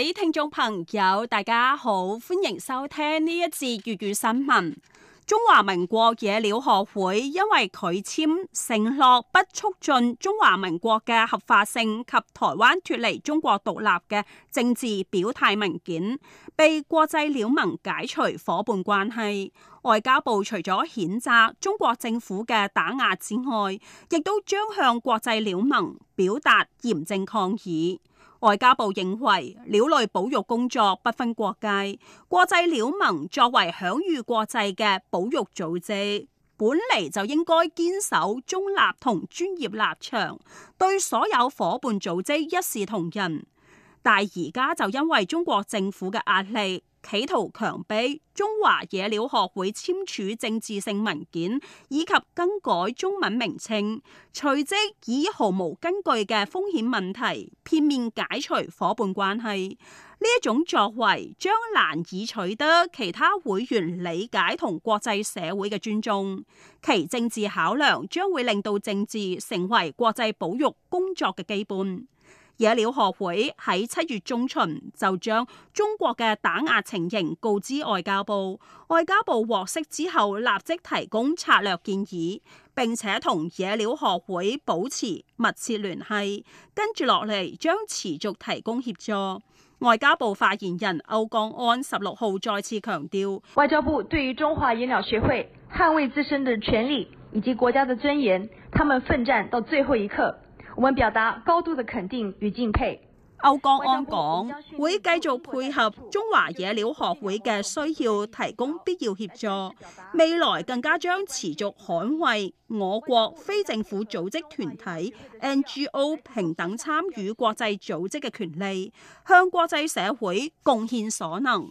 各位聽眾朋友，大家好，歡迎收聽呢一節粵語新聞。中華民國野鳥學會因為拒簽承諾不促進中華民國嘅合法性及台灣脫離中國獨立嘅政治表態文件，被國際鳥盟解除伙伴關係。外交部除咗譴責中國政府嘅打壓之外，亦都將向國際鳥盟表達嚴正抗議。外交部認為，鳥類保育工作不分國界，國際鳥盟作為享譽國際嘅保育組織，本嚟就應該堅守中立同專業立場，對所有伙伴組織一視同仁，但而家就因為中國政府嘅壓力。企圖強迫中華野鳥學會簽署政治性文件，以及更改中文名稱，隨即以毫無根據嘅風險問題片面解除伙伴關係。呢一種作為將難以取得其他會員理解同國際社會嘅尊重，其政治考量將會令到政治成為國際保育工作嘅基本。野鳥學會喺七月中旬就將中國嘅打壓情形告知外交部，外交部獲悉之後立即提供策略建議，並且同野鳥學會保持密切聯繫，跟住落嚟將持續提供協助。外交部發言人歐江安十六號再次強調：外交部對於中華野鳥學會捍衛自身嘅權利以及國家嘅尊嚴，他們奮戰到最後一刻。我們表達高度的肯定與敬佩。歐江安講，會繼續配合中華野鳥學會嘅需要，提供必要協助。未來更加將持續捍衛我國非政府組織團體 NGO 平等參與國際組織嘅權利，向國際社會貢獻所能。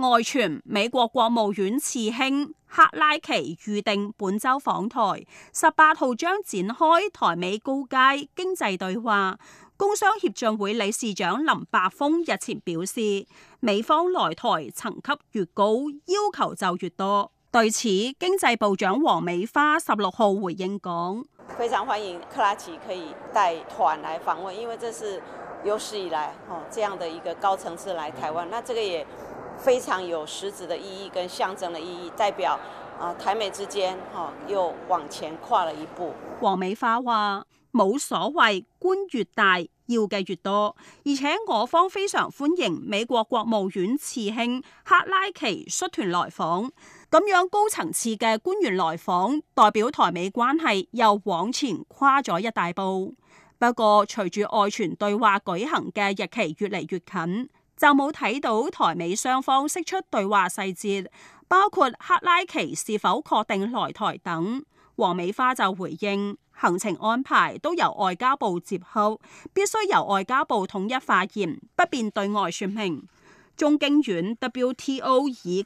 外傳美國國務院次卿克拉奇預定本周訪台，十八號將展開台美高階經濟對話。工商協進會理事長林柏峰日前表示，美方來台，層級越高，要求就越多。對此，經濟部長王美花十六號回應講：非常歡迎克拉奇可以帶團來訪問，因為這是有史以來哦這樣的一個高層次來台灣，那這個也。非常有實質的意義跟象徵的意義，代表啊台美之間又往前跨了一步。王美花話：冇所謂官越大要嘅越多，而且我方非常歡迎美國國務院次卿克拉奇率團來訪。咁樣高層次嘅官員來訪，代表台美關係又往前跨咗一大步。不過，隨住外傳對話舉行嘅日期越嚟越近。就冇睇到台美雙方釋出對話細節，包括克拉奇是否確定來台等。王美花就回應行程安排都由外交部接洽，必須由外交部統一發言，不便對外說明。中經院 WTO 以及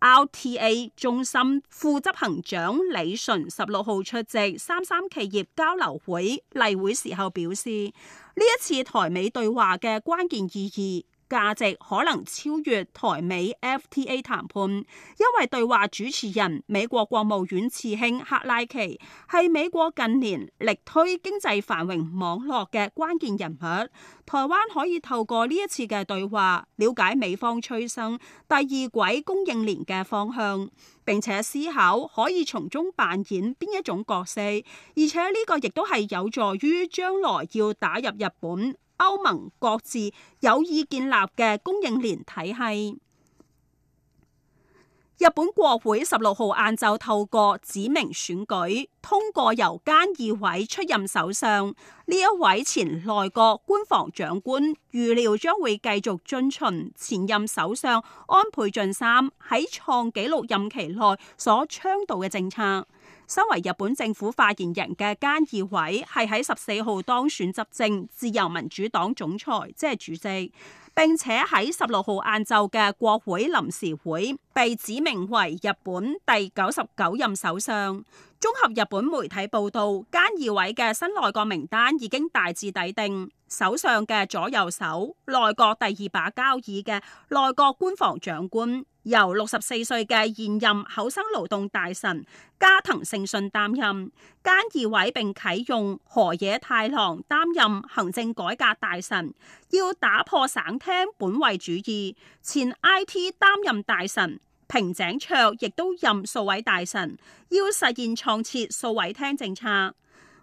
RTA 中心副執行長李淳十六號出席三三企業交流會例會時候表示，呢一次台美對話嘅關鍵意義。價值可能超越台美 FTA 談判，因為對話主持人美國國務院次卿克拉奇係美國近年力推經濟繁榮網絡嘅關鍵人物。台灣可以透過呢一次嘅對話，了解美方催生第二軌供應鏈嘅方向，並且思考可以從中扮演邊一種角色，而且呢個亦都係有助於將來要打入日本，歐盟各自有意建立嘅供應鏈體系。日本國會十六號晏晝透過指名選舉，通過由菅義偉出任首相。呢一位前內閣官房長官預料將會繼續遵循前任首相安倍晉三喺創紀錄任期內所倡導嘅政策。身為日本政府發言人嘅菅義偉係喺十四號當選執政自由民主黨總裁，即係主席，並且喺十六號晏晝嘅國會臨時會被指名為日本第九十九任首相。綜合日本媒體報道，菅義偉嘅新內閣名單已經大致抵定，首相嘅左右手、內閣第二把交椅嘅內閣官房長官。由六十四歲嘅現任厚生勞動大臣加藤勝信擔任，菅義偉並啟用河野太郎擔任行政改革大臣，要打破省廳本位主義。前 I T 擔任大臣平井卓亦都任數位大臣，要實現創設數位廳政策。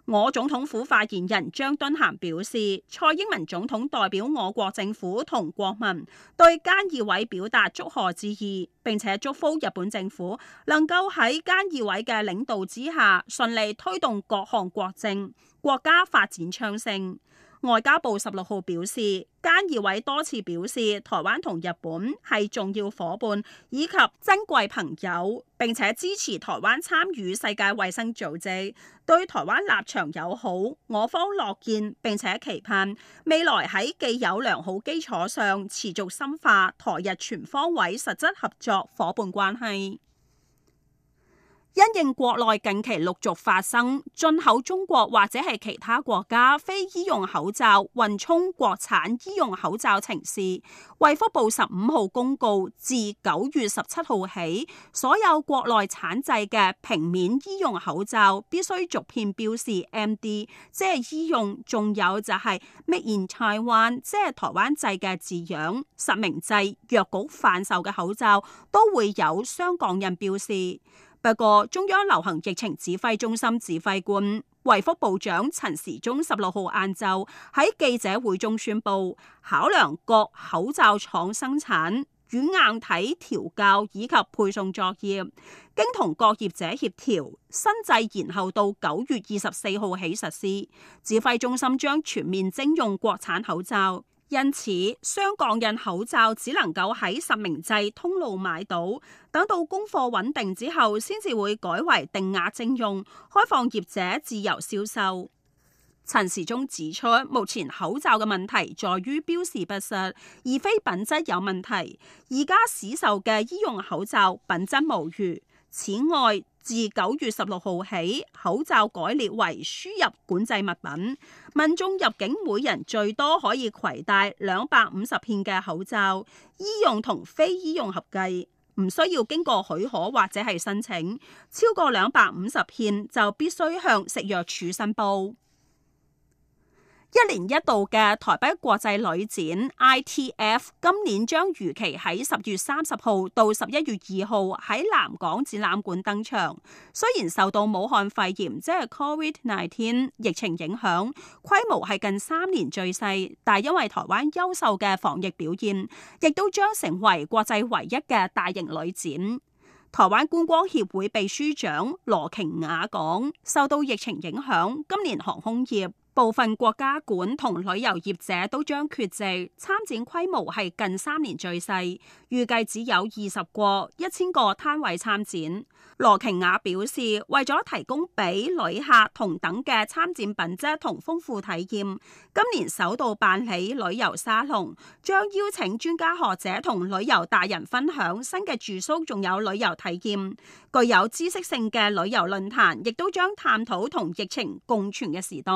我總統府發言人張敦涵表示，蔡英文總統代表我國政府同國民對菅義偉表達祝賀之意，並且祝福日本政府能夠喺菅義偉嘅領導之下，順利推動各項國政，國家發展昌盛。外交部十六號表示，菅義偉多次表示，台灣同日本係重要伙伴以及珍貴朋友，並且支持台灣參與世界衛生組織，對台灣立場友好，我方樂見並且期盼未來喺既有良好基礎上持續深化台日全方位實質合作伙伴關係。因應國內近期陸續發生進口中國或者係其他國家非醫用口罩混充國產醫用口罩情事，衛福部十五號公告，自九月十七號起，所有國內產製嘅平面醫用口罩必須逐片標示 MD，即係醫用，仲有就係 Made in Taiwan 即係台灣製嘅字樣。實名制藥局販售嘅口罩都會有雙鋼印標示。不過，中央流行疫情指揮中心指揮官、衛福部長陳時中十六號晏晝喺記者會中宣布，考量各口罩廠生產軟硬體調校以及配送作業，經同各業者協調，新制延後到九月二十四號起實施。指揮中心將全面徵用國產口罩。因此，雙鋼印口罩只能夠喺實名制通路買到，等到供貨穩定之後，先至會改為定額徵用，開放業者自由銷售。陳時中指出，目前口罩嘅問題在於標示不實，而非品質有問題。而家市售嘅醫用口罩品質無虞。此外，自九月十六號起，口罩改列為輸入管制物品。民眾入境每人最多可以携帶兩百五十片嘅口罩，醫用同非醫用合計，唔需要經過許可或者係申請。超過兩百五十片就必須向食藥署申報。一年一度嘅台北國際旅展 ITF 今年將如期喺十月三十號到十一月二號喺南港展覽館登場。雖然受到武漢肺炎即係 COVID-19 疫情影響，規模係近三年最細，但係因為台灣優秀嘅防疫表現，亦都將成為國際唯一嘅大型旅展。台灣觀光協會秘書長羅瓊雅講，受到疫情影響，今年航空業。部分國家館同旅遊業者都將缺席，參展規模係近三年最細，預計只有二十個、一千個攤位參展。羅瓊雅表示，為咗提供俾旅客同等嘅參展品質同豐富體驗，今年首度辦理旅遊沙龍，將邀請專家學者同旅遊達人分享新嘅住宿仲有旅遊體驗。具有知識性嘅旅遊論壇，亦都將探討同疫情共存嘅時代。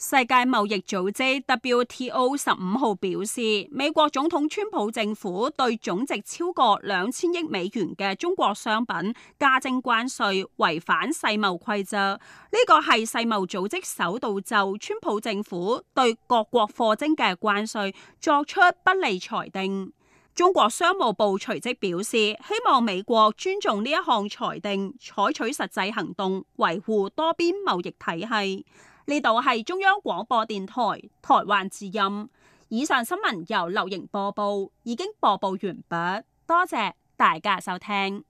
世界貿易組織 WTO 十五號表示，美國總統川普政府對總值超過兩千億美元嘅中國商品加徵關稅，違反世貿規則。呢、這個係世貿組織首度就川普政府對各國課徵嘅關稅作出不利裁定。中國商務部隨即表示，希望美國尊重呢一項裁定，採取實際行動維護多邊貿易體系。呢度係中央廣播電台台灣之音，以上新聞由劉瑩播報，已經播報完畢，多謝大家收聽。